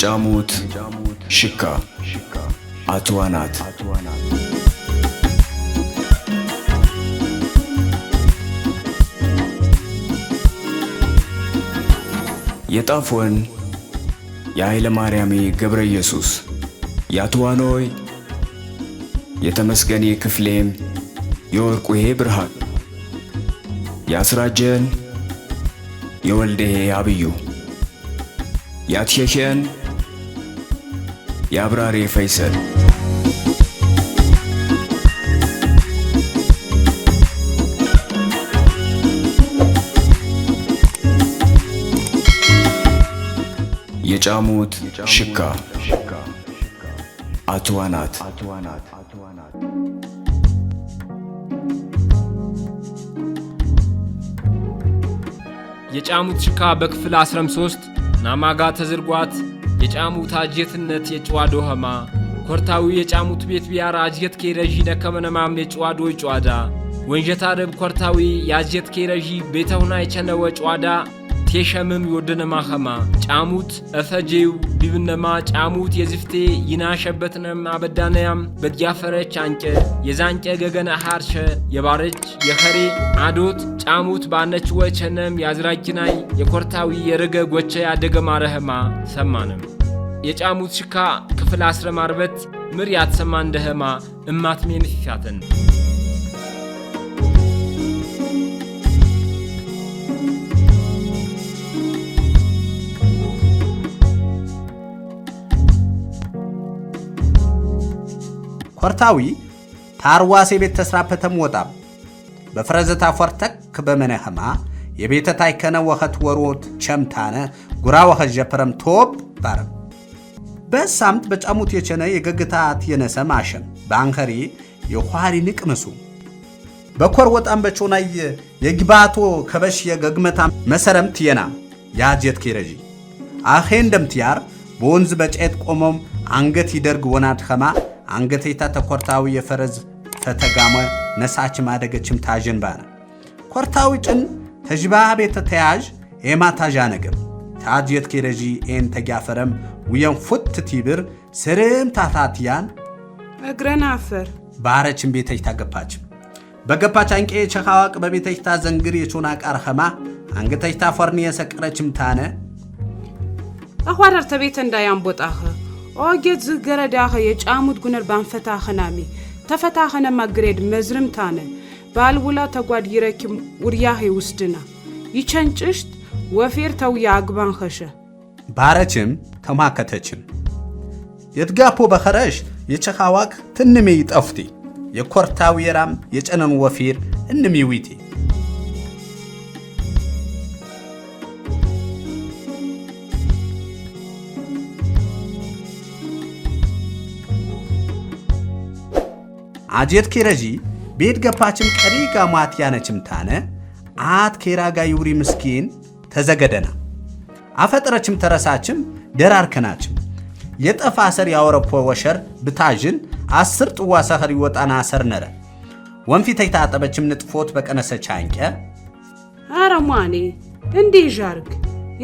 የጫሙት ሽካ አትዋናት የጣፎን የኃይለ ማርያሜ ገብረ ኢየሱስ የአትዋኖይ የተመስገኔ ክፍሌም የወርቁሄ ብርሃን የአስራጀን የወልደሄ አብዩ ያትሸሸን የአብራሪ ፈይሰል የጫሙት ሽካ አትዋናት የጫሙት ሽካ በክፍል 13 ናማጋ ተዝርጓት የጫሙት አጀትነት የጭዋዶ ኸማ ኮርታዊ የጫሙት ቤት ቢያራ አጀት ኬረዢ ነከመነማም የጭዋዶ ጭዋዳ ወንጀታ ረብ ኮርታዊ የአጅየት ኬረዢ ቤተሁና የቸነወ ጭዋዳ ቴሸምም ይወደነማ ኸማ ጫሙት እፈጄው ቢብነማ ጫሙት የዝፍቴ ይናሸበትነም አበዳነያም በጃፈረች አንጨ የዛንጨ ገገነ ሐርሸ የባረች የኸሬ አዶት ጫሙት ባነች ወቸነም ያዝራኪናይ የኮርታዊ የረገ ጎቸ ያደገ ማረህማ ሰማንም የጫሙት ሽካ ክፍል አስረ ማርበት ምር ያትሰማ እንደ ህማ እማት ሜንት ኮርታዊ ታርዋሴ ቤት ተስራፈተም ወጣም በፍረዘታ ፎርተክ በመነ ህማ የቤተ ታይከነ ወኸት ወሮት ቸምታነ ጉራ ወኸት ዠፐረም ቶብ ባረም በሳምት በጫሙት የቸነ የገግታት የነሰ ማሸም በአንከሬ የኳሪ ንቅምሱ በኮር ወጣም በቾናይ የግባቶ ከበሽ የገግመታ መሰረም ትየና ያጀት ከረጂ አኼ እንደምትያር በወንዝ በጨት ቆሞም አንገት ይደርግ ወናድ ኸማ አንገቴታ ተኮርታዊ የፈረዝ ተተጋመ ነሳች ማደገችም ታጀንባና ኮርታዊ ጭን ተጅባ ቤተ ተያዥ ኤማ ታዣ ነገም ታጅየት ከረጂ ኤን ተጋፈረም ውየንፉትቲ ብር ስርም ታታትያን እግረን አፈር ባረችን ቤተች ታገባች በገባች አንቄ ቸኻዋቅ በቤተችታ ዘንግር የቾና ቃር ኸማ አንገተችታ ፎርን የሰቀረችም ታነ አኋረርተ ቤተ እንዳያንቦጣኸ ኦጌት ዝህ ገረዳኸ የጫሙት ጉነር ባንፈታኸናሚ ተፈታኸነ ማግሬድ መዝርም ታነ ባልውላ ተጓድ ይረኪም ውርያኸ ይውስድና ይቸንጭሽት ወፌር ተውያ አግባን ኸሸ ባረችም ተማከተችም የትጋፖ በኸረሽ የቸኻዋክ ትንሜ ይጠፍቲ የኮርታዊ የራም የጨነን ወፊር እንሚዊቴ አጀት ኬረጂ ቤት ገፓችም ቀሪ ጋማት ያነችም ታነ አት ኬራ ጋ ይውሪ ምስኪን ተዘገደና አፈጥረችም ተረሳችም ደራርክናችም የጠፋ አሰር ያወረፖ ወሸር ብታዥን አስር ጥዋ ሰኸር ይወጣና አሰር ነረ ወንፊተ የታጠበችም ንጥፎት በቀነሰች አንቀ አረማኔ እንዴ ዣርግ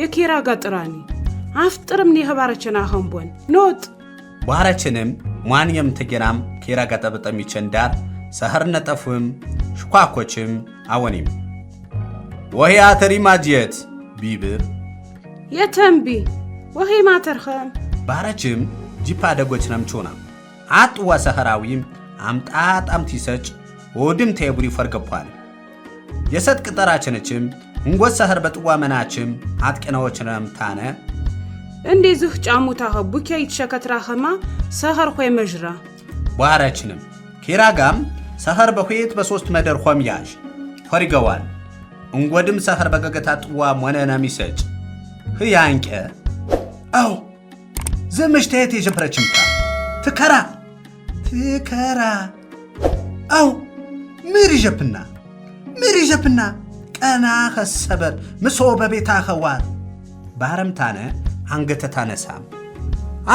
የኬራ ጋጥራኒ አፍጥርም የህባረችን አኸንቦን ኖጥ ባረችንም ሟንየም ትጌራም ኬራ ጋጠበጠም ይቸንዳር ሰኸር ነጠፍም ሽኳኮችም አወኒም ወህያ ተሪማጅየት ቢብር የተንቢ ወሄ ማተርኸም ባረችም ጂፓ ደጎችነም ቾና አጥዋ ሰኸራዊም አምጣጣም ቲሰጭ ወድም ቴቡሪ ፈርገቧል የሰጥ ቅጠራችንችም እንጎት ሰኸር በጥዋ መናችም አጥቅናዎችነም ታነ እንዴ ዙህ ጫሙታ ኸቡኪያ ይትሸከትራኸማ ሰኸር ኾይ መዥራ ባረችንም ኬራጋም ሰኸር በሁየት በሦስት መደር ኾም ያዥ ኸሪገዋል እንጎድም ሰኸር በገገታ ጥዋ ሞነነም ይሰጭ hyanke አዎ ዘመች ታየት የጀመረች ትከራ ትከራ አው ምር ይጀብና ምር ይጀብና ቀና ኸሰበር ምሶ በቤታ ኸዋር ባረምታነ አንገተታነሳም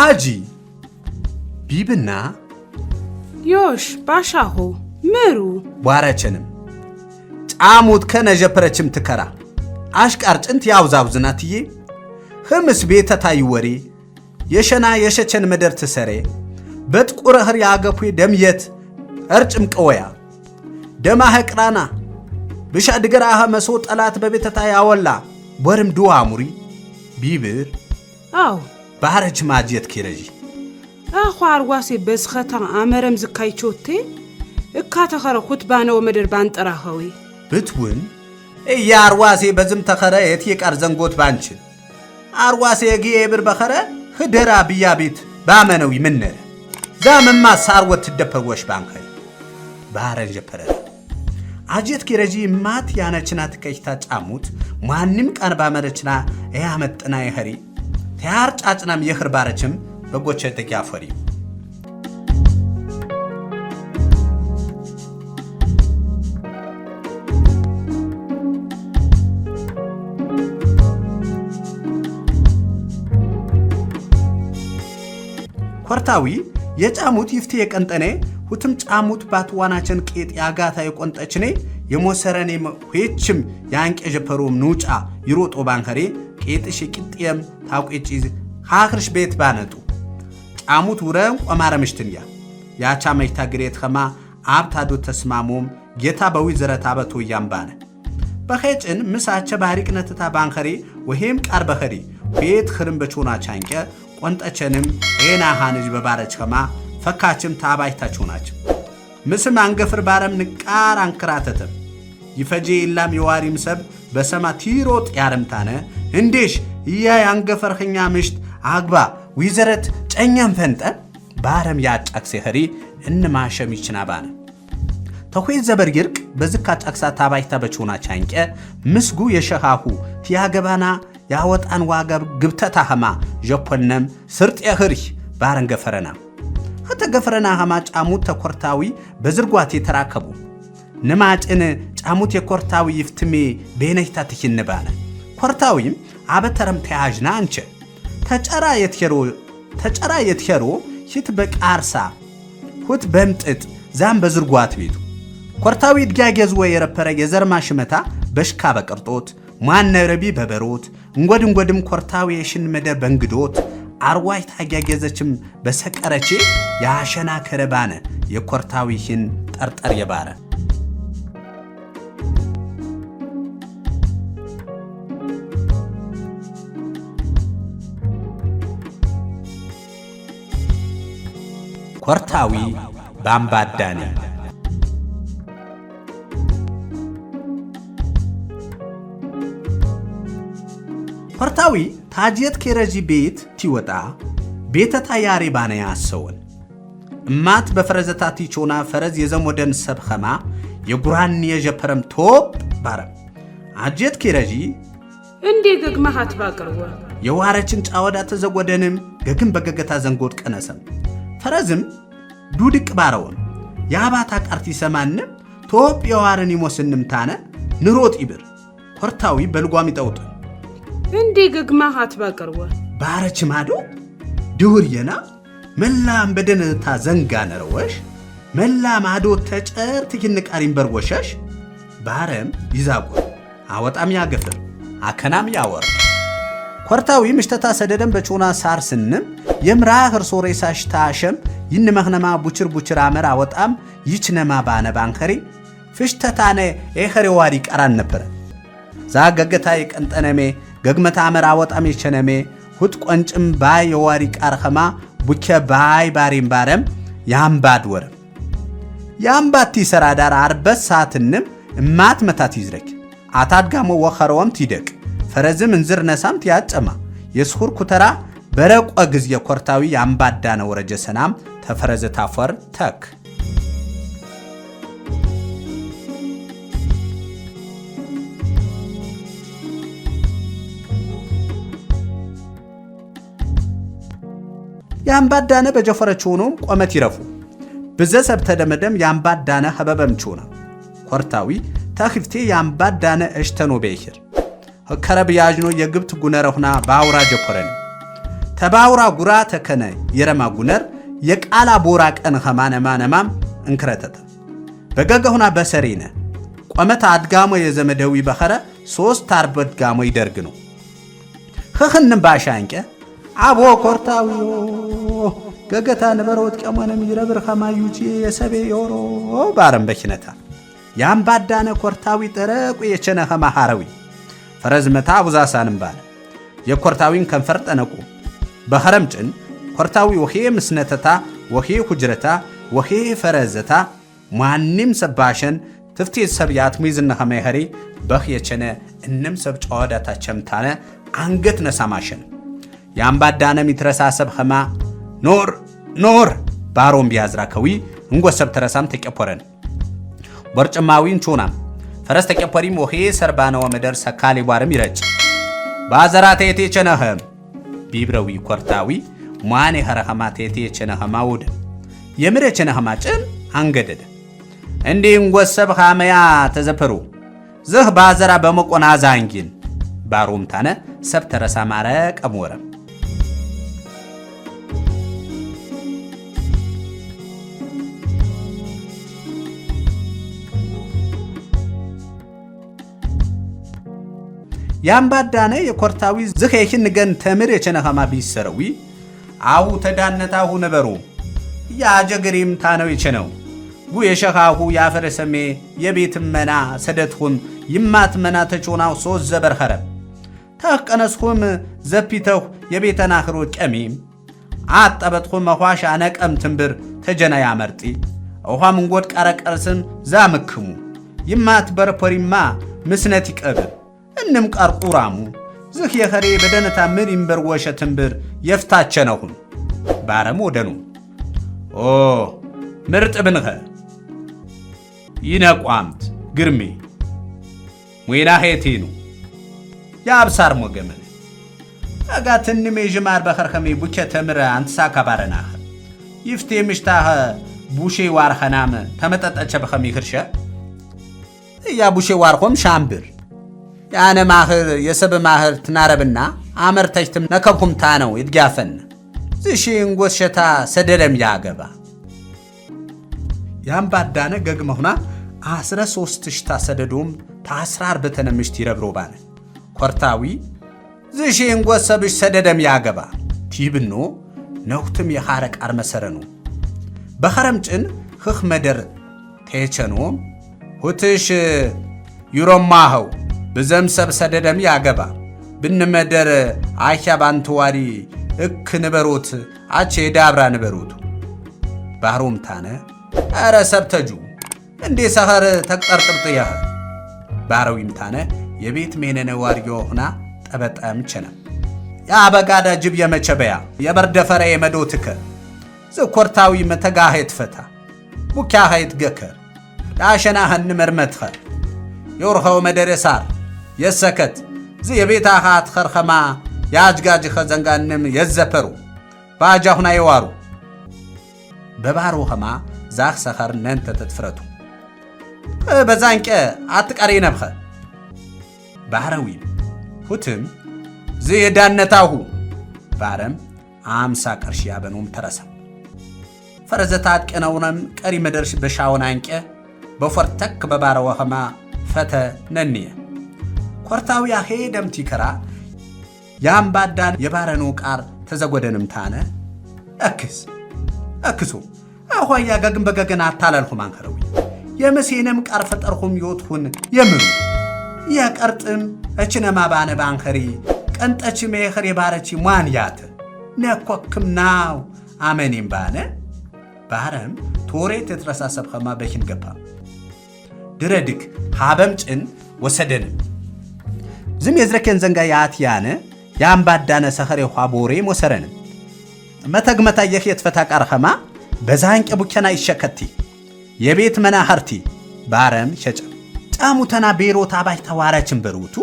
አጂ ቢብና ዮሽ ባሻሁ ምሩ ቧረችንም ጫሙት ከነ ጀፐረችም ትከራ አሽቃር ጭንት ያውዛውዝናትዬ ህምስ ቤተ ታይወሬ የሸና የሸቸን መደር ትሰሬ በጥቁር እህር ያገፉ ደምየት እርጭም ቀወያ ደማ ቅራና ብሻ ድገራኸ መሶ ጠላት በቤተታ ያወላ ወርም ድዋ ሙሪ ቢብር አው ባረጅ ማጅየት ኪረጂ አኹ አርዋሴ በዝኸታ አመረም ዝካይቾቴ እካ ተኸረ ኩትባነወ መደር ባንጠራኸዊ ብትውን እያ አርዋሴ በዝም ተኸረ የት የቃር ዘንጎት ባንችን አርዋሴ የጊኤብር በኸረ ህደራ ብያ ቤት ባመነዊ ምነረ ዛመማ ሳርወት ትደፈር ባንከ ባረን ባህረን ጀፈረ አጀት ኪረጂ ማት ያነችና ትቀይታ ጫሙት ማንም ቀን ባመረችና ያመጥና ይኸሪ ተያር ጫጭናም የኽር ባረችም በጎቸ ተኪያፈሪ ኮርታዊ የጫሙት ይፍቴ የቀንጠኔ ሁትም ጫሙት ባትዋናችን ቄጥ ያጋታ የቆንጠችኔ የሞሰረኔ ሄችም የአንቄ ዠፐሮም ንውጫ ይሮጦ ባንከሬ ቄጥሽ የቂጥየም ታቁጭ ሀክርሽ ቤት ባነጡ ጫሙት ውረን ቆማረ ምሽትንያ ያቻ መጅታ ግሬት ኸማ አብታዶ ተስማሞም ጌታ በዊ ዘረታ በቶያም ባነ በኸጭን ምሳቸ ባሪቅነትታ ባንከሬ ወሄም ቃር በኸሬ ቤት ኽርም በቾና ቻንቄ ቆንጠቸንም ሃንጅ በባረች ከማ ፈካችም ታባይታችሁ ናቸው ምስም አንገፍር ባረም ንቃር አንክራተትም ይፈጄ ኢላም የዋሪም ሰብ በሰማ ቲሮጥ ያረምታነ እንዴሽ እያ ያንገፈርኸኛ ምሽት አግባ ዊዘረት ጨኛም ፈንጠ ባረም ያጫክሴ ኸሪ እንማሸም ይችና ባነ ተኾይ ዘበር ይርቅ በዝካ ጫክሳ ታባይታ በችሁና ቻንቄ ምስጉ የሸኻሁ ቲያገባና ያወጣን ዋገብ ግብተታ ኸማ ዠፖነም ስርጥ የኽርህ ባረን ገፈረና ኸተ ገፈረና ኸማ ጫሙት ተኰርታዊ በዝርጓት የተራከቡ ንማጭን ጫሙት የኰርታዊ ይፍትሜ ቤነይታ ትሽን ባለ ኰርታዊም አበተረም ተያዥና አንቸ ተጨራ የትሄሮ ተጨራ የትሄሮ ሽት በቃርሳ ሁት በምጥጥ ዛም በዝርጓት ቤቱ ኰርታዊ ድጋጌዝወ የረፐረ የዘርማ ሽመታ በሽካ በቅርጦት ሟን ነረቢ በበሮት እንጎድ እንጎድም የሽን የሽንመደ በንግዶት አርዋይ ያጌዘችም በሰቀረች የአሸና ከረባነ የኮርታዊሽን ጠርጠር የባረ ኮርታዊ ባምባዳኔ ፈርታዊ ታጅየት ኬረጂ ቤት ቲወጣ ቤተታ ያሬ ባነያ ሰወን እማት በፈረዘታ ቲቾና ፈረዝ የዘሞደን ሰብኸማ የጉራን የዠፐረም ቶፕ ባረም አጀት ኬረጂ እንዴ ገግመሃት ባቅርወ የዋረችን ጫወዳ ተዘጎደንም ገግም በገገታ ዘንጎድ ቀነሰም ፈረዝም ዱድቅ ባረወን የአባታ ቃርቲ ሰማንም ቶፕ የዋርን ይሞስንም ታነ ንሮጥ ይብር ኮርታዊ በልጓም ይጠውጥ እንዲህ ግግማህ አትበቅርወ ባረች ማዶ የና መላም በደነታ ዘንጋ ነረወሽ መላ ማዶ ተጨርት ይንቃሪን በርወሸሽ ባረም ይዛጎ አወጣም ያገፍር አከናም ያወር ኮርታዊ ምሽተታ ሰደደን በጮና ሳር ስንም የምራህ እርሶ ሬሳሽ ታሸም ይንመኽነማ ቡችር ቡችር አመር አወጣም ይችነማ ባነ ባንከሪ ፍሽተታነ ኤኸሬዋሪ ቀራን ነበረ ዛ ገገታይ ቀንጠነሜ ገግመታ አመራ ወጣም የቸነሜ ሁት ቆንጭም ባይ የዋሪ ቃርከማ ቡኬ ባይ ባሪም ባረም ያምባድ ወረም የአምባቲ ሰራዳር አርበት ሰዓትንም እማት መታት ይዝረክ አታድጋሞ ወኸረወም ትይደቅ ፈረዝም እንዝር ነሳም ትያጨማ የስሁር ኩተራ በረቆ ጊዜ ኮርታዊ የአምባዳነ ወረጀ ሰናም ተፈረዘ ታፈር ተክ የአምባዳነ ሆኖም ቆመት ይረፉ ብዘ ሰብተ ደመደም የአምባዳነ ሀበበምችውና ኮርታዊ ተኽፍቴ የአምባዳነ እሽተኖ ቤይር ከረብ ያዥኖ የግብት ጉነረሁና በአውራ ጀኮረን ተባውራ ጉራ ተከነ የረማ ጉነር የቃላ ቦራ ቀን ኸማነማ ነማም እንክረተተ በገገሁና በሰሬነ ቆመት አድጋሞ የዘመደዊ በኸረ ሶስት አርበድ ጋሞ ይደርግ ነው ህኽንም ባሻንቀ አቦ ኮርታውዮ ገገታ ንበረ ነበረ ወጥቀሞነ ሚረብር ከማዩጂ የሰቤ ዮሮ ባረም በኪነታ ባዳነ ኮርታዊ ጠረቁ የቸነ ከማሐረዊ ፈረዝመታ አቡዛሳንም ባለ የኮርታዊን ከንፈር ጠነቁ በኸረም ጭን ኮርታዊ ወኼ ምስነተታ ወኼ ሁጅረታ ወኼ ፈረዘታ ማንም ሰባሸን ትፍቲ ሰብ የአትሚዝነ ኸመይ ኸሬ በኽ የቸነ እንም ሰብ ጨዋዳታ ቸምታነ አንገት ነሳማሸን የአምባዳነም ይትረሳሰብ ኸማ ኖር ኖር ባሮም ቢያዝራከዊ እንጎሰብ ተረሳም ተቀፖረን ቦርጭማዊን ቾናም ፈረስ ተቀፖሪም ወሄ ሰርባነወ መደር ሰካሌ ቧርም ይረጭ ባዘራ ተየቴ ቸነኸም ቢብረዊ ኮርታዊ ሟን የኸረኸማ ተየቴ ቸነኸማ ውድ የምረ ቸነኸማ ጭን አንገደደ እንዲህ እንጎሰብ ኻመያ ተዘፈሩ ዝህ ባዘራ በመቆና ዛንጊን ባሮም ታነ ሰብ ተረሳ ማረ ቀሞረም ያምባዳነ የኮርታዊ ዝኼሽን ገን ተምር የቸነኸማ ቢሰረዊ አሁ ተዳነታሁ ነበሩ ያጀግሪም ታነው የቸነው ጉ የሸኻሁ ያፈረሰሜ የቤት መና ሰደትኹም ይማት መና ተቾናው ሶስት ዘበርኸረ ተቀነስኩም ዘፒተሁ የቤተናኽሮ ጨሚም አጠበጥኹም መኳሽ አነቀም ትንብር ተጀና ያመርጢ እዃም እንጎድ ቀረቀርስን ዛምክሙ ይማት በርፐሪማ ምስነት ይቀብር እንም ቀርቁራሙ ዝህ የኸሬ በደነታ ምን ይምበር ወሸትንብር የፍታቸነኹም ባረም ወደኑ ኦ ምርጥ ብንኸ ይነቋምት ግርሜ ሙና ሄቴኑ የአብሳር ሞገመን አጋ ትንሜ ዥማር በኸርኸሜ ቡቸ ተምረ አንትሳ ካባረናኸ ይፍቴ ምሽታኸ ቡሼ ዋርኸናመ ተመጠጠቸ በኸሜ ክርሸ እያ ቡሼ ዋርኾም ሻምብር ያነ ማህር የሰብ ማህር ትናረብና አመርተችትም ነከብኩምታ ነው ይድጋፈን ዝሺ እንጎት ሸታ ሰደለም ያገባ ያም ባዳነ ያምባዳነ ገግመሁና አስረ ሶስት ሽታ ሰደዶም ታስራር በተነምሽት ይረብሮ ባነ ኮርታዊ ዝሺ እንጎት ሰብሽ ሰደደም ያገባ ቲብኖ ነውትም የኻረ ቃር መሰረኑ ጭን ህኽ መደር ቴቸኖም ሁትሽ ይሮማኸው ብዘምሰብ ሰደደም ያገባ ብንመደር አኪያ ባንተዋሪ እክ ንበሮት አቼ ዳብራ ንበሮቱ ባህሮም ታነ አረ ሰብተጁ እንዴ ሰኸር ተቅጠርጥርጥ ያህ ባህረዊም ታነ የቤት ሜነነ ዋርዮ ሆና ጠበጣም ቸነ የአበጋዳ ጅብ የመቸበያ የበርደፈረ የመዶትከ ዝኰርታዊ መተጋሄት ፈታ ቡኪያኸይት ገከር ለአሸናኸን መርመትኸ የውርኸው መደረ የሰከት እዚ የቤታኻ ትኸርኸማ የአጅጋጅኸ ዘንጋንም የዘፐሩ በአጃሁና የዋሩ በባሮኸማ ዛኽ ሰኸር ነንተ ተትፍረቱ በዛንቀ አትቀሬ ነብኸ ባሕረዊም ሁትም ዝ የዳነታሁ ባረም አምሳ ቀርሺ ያበኖም ተረሰ ፈረዘታት ቀነውነም ቀሪ መደርሽ በሻውን አንቄ በፈርተክ በባረወኸማ ፈተ ነንየ ሆርታዊ ያሄ ደምቲ ከራ የአምባዳን የባረኖ ቃር ተዘጎደንም ታነ እክስ እክሶ አኋያ ገግን በገገን አታላልሁም አንከረዊ የመሴንም ቃር ፈጠርሁም ይወትሁን የምሩ የቀርጥም እችነማ ባነ ባንከሪ ቀንጠች መኸር የባረች ሟን ያተ ነኮክም ናው አመኔም ባነ ባረም ቶሬ የተረሳሰብ ኸማ በኪን ገባ ድረድክ ሃበም ጭን ወሰደንም ዝም የዝረከን ዘንጋ የአትያነ የአምባዳነ ሰኸር የኳ ቦሬ ሞሰረን መተግመታ የህ ፈታ ቃርኸማ በዛንቄ ቡቸና ይሸከቲ የቤት መናኸርቲ ባረም ሸጨ ጫሙተና ቤሮ ታባይ ተዋረችን በርውቱ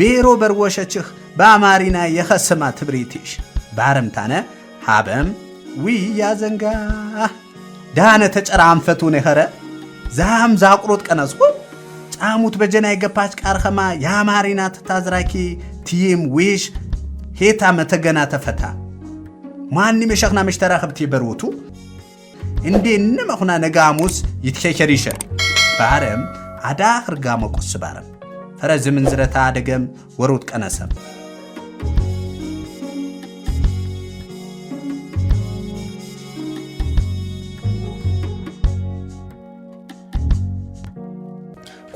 ቤሮ በርወሸችህ በአማሪና የኸስማ ትብሪትሽ ባረምታነ ሃበም ውይ ያዘንጋ ዳነ ተጨራ አንፈቱ ነኸረ ዛም ዛቁሮት ቀነስኩ ጫሙት በጀና የገባች ቃርከማ የአማሪናት ታዝራኪ ቲም ዊሽ ሄታ መተገና ተፈታ ማንም የሸክና መሽተራ ከብት በርወቱ እንዴ እንመኹና ነጋሙስ ይትሸሸሪሸ ባረም አዳ ኽርጋ መቁስ ባረም ፈረዝምን ዝረታ አደገም ወሩት ቀነሰም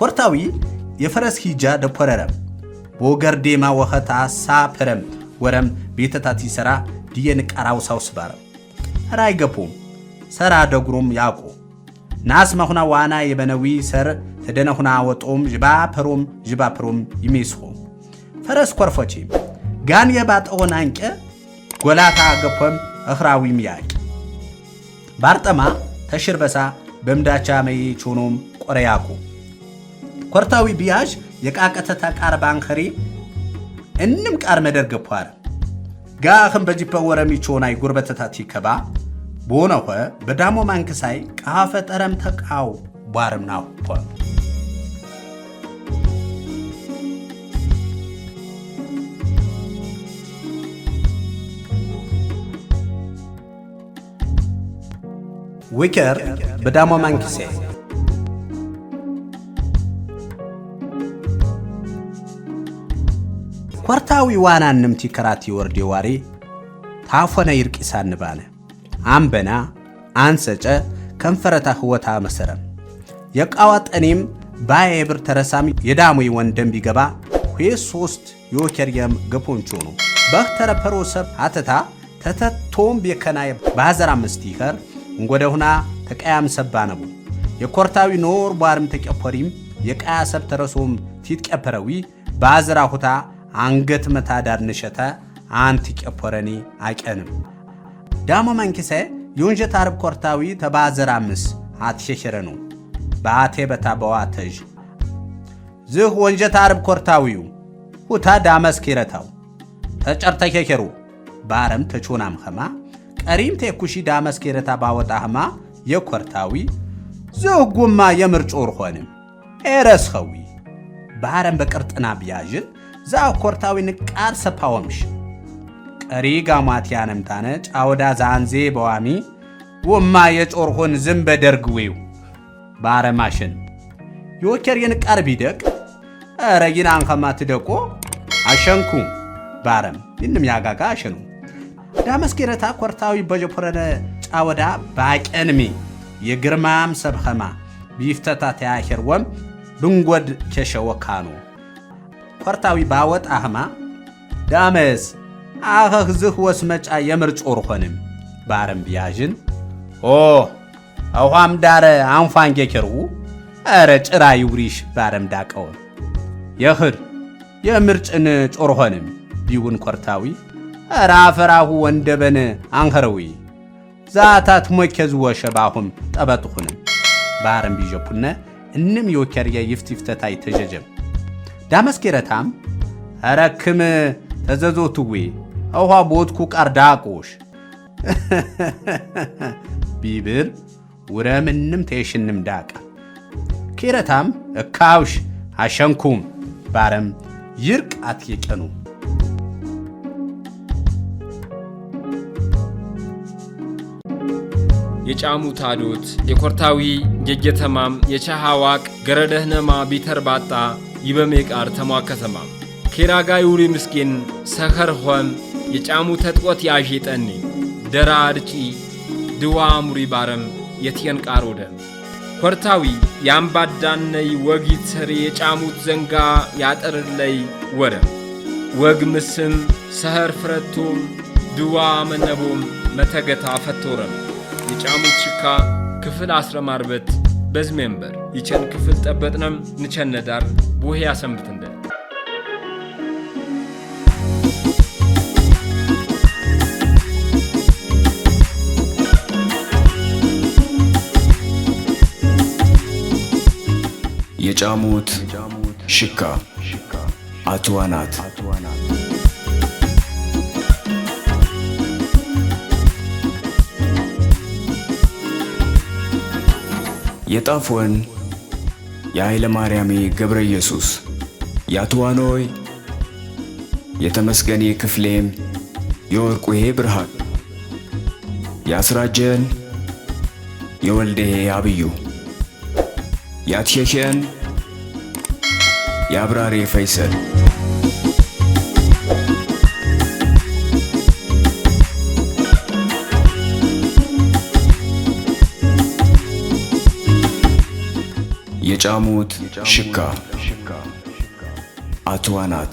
ስፖርታዊ የፈረስ ሂጃ ወገር ዴማ ወኸታ ሳፐረም ወረም ቤተታት ይሠራ ድየን ቃራው ሳውስባረ ኧረ አይገፖም ሰራ ደግሮም ያቆ ናስ መሁና ዋና የበነዊ ሰር ተደነሁና ወጦም ዥባ ፐሮም ዥባ ፐሮም ይሜስሆ ፈረስ ኰርፎቼ ጋን የባጠወን አንቄ ጎላታ ገፖም እኽራዊም ያቅ ባርጠማ ተሽርበሳ በምዳቻ መዬ ቾኖም ቈረያቁ ኮርታዊ ቢያዥ የቃቀተታ ቃር ባንከሪ እንም ቃር ፖር ጋኽም በጂፐ ወረሚ ቾናይ ጉርበተታት ይከባ ቦነኸ በዳሞ ማንክሳይ ቃፈ ጠረም ተቃው ቧርም ናኸ ዊከር በዳሞ ማንክሴ ኮርታዊ ንምቲ ከራቲ ይወርድ ዋሬ ታፎነ ይርቂሳ ባነ አንበና አንሰጨ ከንፈረታ ህወታ መሰረ የቃዋጠኔም ባየ የብር ተረሳሚ የዳሙይ ወንደም ቢገባ ሁዬ ሶስት የወከርየም ገፖንቾ ነው በክተረ ፐሮሰብ አተታ ተተቶም የከናየ ባዘራ ምስትኸር እንጎደ ሁና ተቀያም ሰባ ነቡ የኮርታዊ ኖር ቧርም ተቀፈሪም የቃያ ሰብ ተረሶም ቲትቀፈረዊ ባዘራ ሁታ አንገት መታዳር ንሸተ አንቲ ቀፖረኒ አቀንም ዳሞ መንኪሰ ዩንጀት አርብ ኮርታዊ ተባዘር አምስ አትሸሸረ ነው በአቴ በታ በዋተዥ ዝህ ወንጀት አርብ ኮርታዊው ሁታ ዳመስ ኪረታው ተጨርተ ኬኬሩ ባረም ተቾናም ኸማ ቀሪም ቴኩሺ ዳመስ ኪረታ ባወጣ የኮርታዊ ዝህ ጉማ የምርጮር ሆንም ኤረስኸዊ ባረም በቅርጥና ብያዥን ኮርታዊ ንቃር ሰፓወምሽ ቀሪ ጋማትያ ነምጣነ ጫወዳ ዛንዜ በዋሚ ወማ የጮርሆን ዝም በደርግዌው ባረማሽን የወኬር የንቃር ቢደቅ ረጊን አንኸማ ትደቆ አሸንኩ ባረም ይንም ያጋጋ አሸኑ ዳመስኪረታ ኮርታዊ በጀፖረነ ጫወዳ ባቀንሚ የግርማም ሰብኸማ ቢፍተታ ተያሄርወም ብንጎድ ኬሸወካኑ ፈርታዊ ባወጥ አህማ ዳመስ ኣኸ ኽዝኽ ወስመጫ የምርጾር ኾንም ባረም ቢያዥን ኦ አውሃም ዳረ ኣንፋንጌ ኬርዉ አረ ጭራ ይውሪሽ ባረም ዳቀው የኽር የምርጭን ጮር ኾንም ቢውን ኰርታዊ ኣረ ኣፈራሁ ወንደበነ አንኸረዊ ዛታት ሞኬ ዝወሸባኹም ጠበጥኹንም ባረም ቢዠፑነ እንም ዮኬርየ ይፍትፍተታይ ተዠጀም ዳመስኬረታም ኸረክም ተዘዞትዌ አውሃ ቦትኩ ቀርዳቆሽ ቢብር ውረምንም ተየሽንም ዳቃ ኬረታም እካውሽ አሸንኩም ባረም ይርቅ አትየቀኑ የጫሙ ታዶት የኮርታዊ ጀጀተማም የቻሃዋቅ ገረደህነማ ቢተርባጣ ይበሜቃር ተሟ ከተማ ኬራጋይ ውሪ ምስኪን ሰኸር ሆም የጫሙ ተጥቆት ያዤጠኒ ደራ ርጪ ድዋ ሙሪ ባረም የትየንቃር ወደም ኰርታዊ ያምባዳነይ ወጊት ሰሪ የጫሙት ዘንጋ ያጠርለይ ወረም ወግ ምስም ሰኸር ፍረቶም ድዋ መነቦም መተገታ ፈቶረም የጫሙት ሽካ ክፍል አስረማርበት በዝሜንበር ይቸን ክፍል ጠበጥነም ንቸነ ዳር ቦሄ ያሰንብት እንደ የጫሙት ሽካ አትዋናት የጣፎን የኃይለ ማርያሜ ገብረ ኢየሱስ፣ የአትዋኖይ የተመስገኔ ክፍሌም፣ የወርቁሄ ብርሃን፣ ያስራጀን የወልደሄ አብዩ፣ ያትሸሸን የአብራሬ ፈይሰል የጫሙት ሽካ አትዋናት